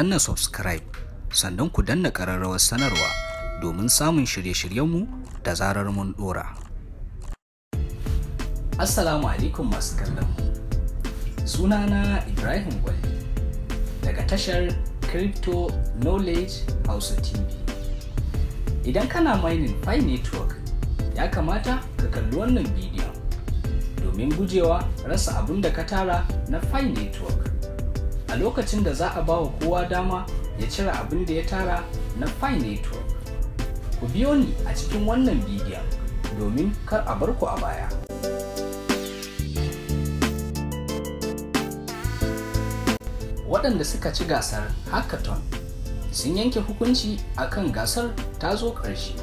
danna subscribe sannan ku danna ƙararrawar sanarwa domin samun shirye-shiryenmu da zarar mun ɗora. Assalamu alaikum masu kallon sunana Ibrahim Gwale daga tashar Crypto Knowledge Hausa TV. Idan kana mining Pi Network ya kamata ka kalli wannan bidiyon domin gujewa rasa abin da ka tara na Pi Network. a lokacin da za a bawa kowa dama ya cire abin da ya tara na Pi Network. Ku biyo ni a cikin wannan bidiyon domin kar a bar ku a baya. Waɗanda suka ci gasar Hackathon sun yanke hukunci a kan gasar ta zo ƙarshe,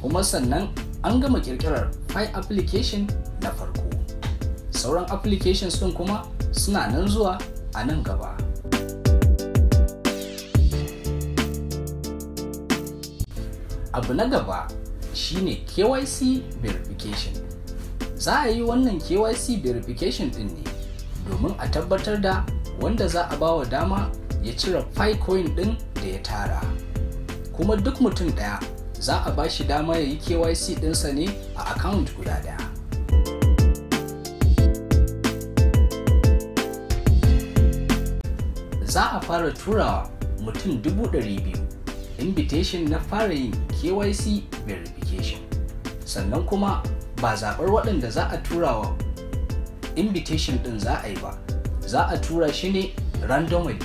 kuma sannan an gama ƙirƙirar fine application na farko. Sauran applications sun kuma suna nan zuwa a nan gaba abu na gaba shine kyc verification za a yi wannan kyc verification din ne domin a tabbatar da wanda za a bawa dama ya cire filecoin din da ya tara kuma duk mutum ɗaya za a bashi dama ya yi kyc dinsa ne a account guda ɗaya. za a fara turawa mutum 200,000 invitation na fara yin KYC verification sannan kuma ba zaɓar waɗanda za a turawa invitation ɗin za a yi ba za a tura shi ne randomly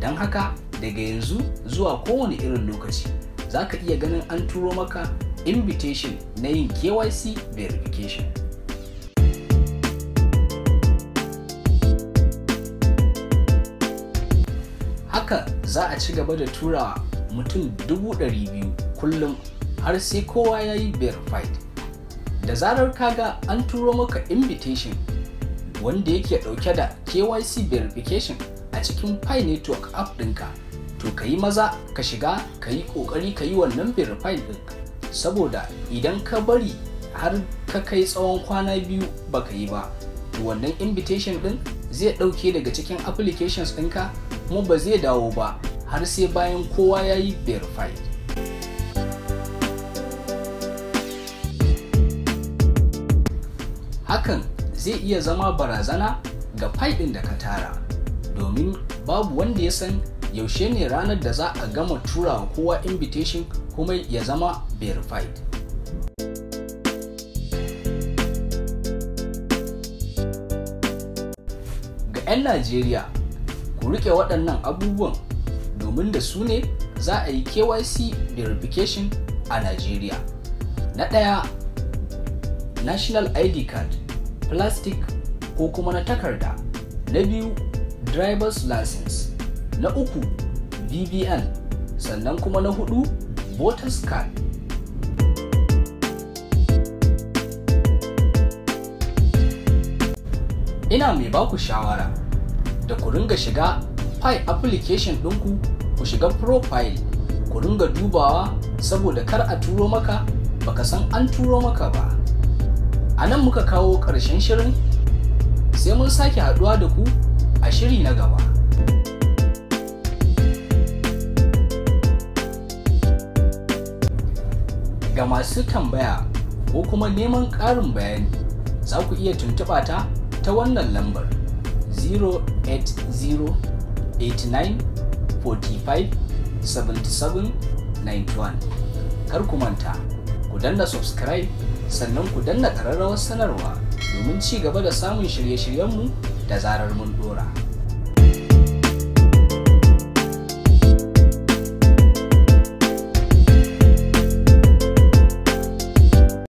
don haka daga yanzu zuwa kowane irin lokaci za ka iya ganin an turo maka invitation na yin KYC verification. haka za a ci gaba da tura mutum 200,000 kullum har sai kowa ya yi verified da zarar kaga an turo maka invitation wanda yake dauke da kyc verification a cikin pi network app ɗinka to ka yi maza ka shiga ka yi ƙoƙari ka yi wannan verified ɗin saboda idan ka bari har ka kai tsawon kwana biyu ba ka yi ba to wannan invitation ɗin zai ɗauke daga cikin applications ɗinka kuma ba zai dawo ba har sai bayan kowa ya yi verified hakan zai iya zama barazana ga fai da ka tara domin babu wanda ya san yaushe ne ranar da za a gama turawa kowa invitation kuma ya zama verified ga 'yan najeriya ku rike waɗannan abubuwan domin da su ne za a yi kyc verification a najeriya na ɗaya national id card plastic ko kuma na takarda na biyu driver's license na uku vbn sannan kuma na hudu voters card ina mai baku shawara da ku ringa shiga Pi application ɗinku ku shiga profile ku ringa dubawa saboda kar a turo maka baka san an turo maka ba. A nan muka kawo ƙarshen shirin sai mun sake haɗuwa da ku a shiri na gaba. ga masu tambaya ko kuma neman ƙarin bayani za ku iya tuntuɓa ta ta wannan lambar 08089457791 kar ku manta ku danna subscribe sannan ku danna ƙararrawar sanarwa domin ci gaba da samun shirye-shiryenmu da zarar mun dora.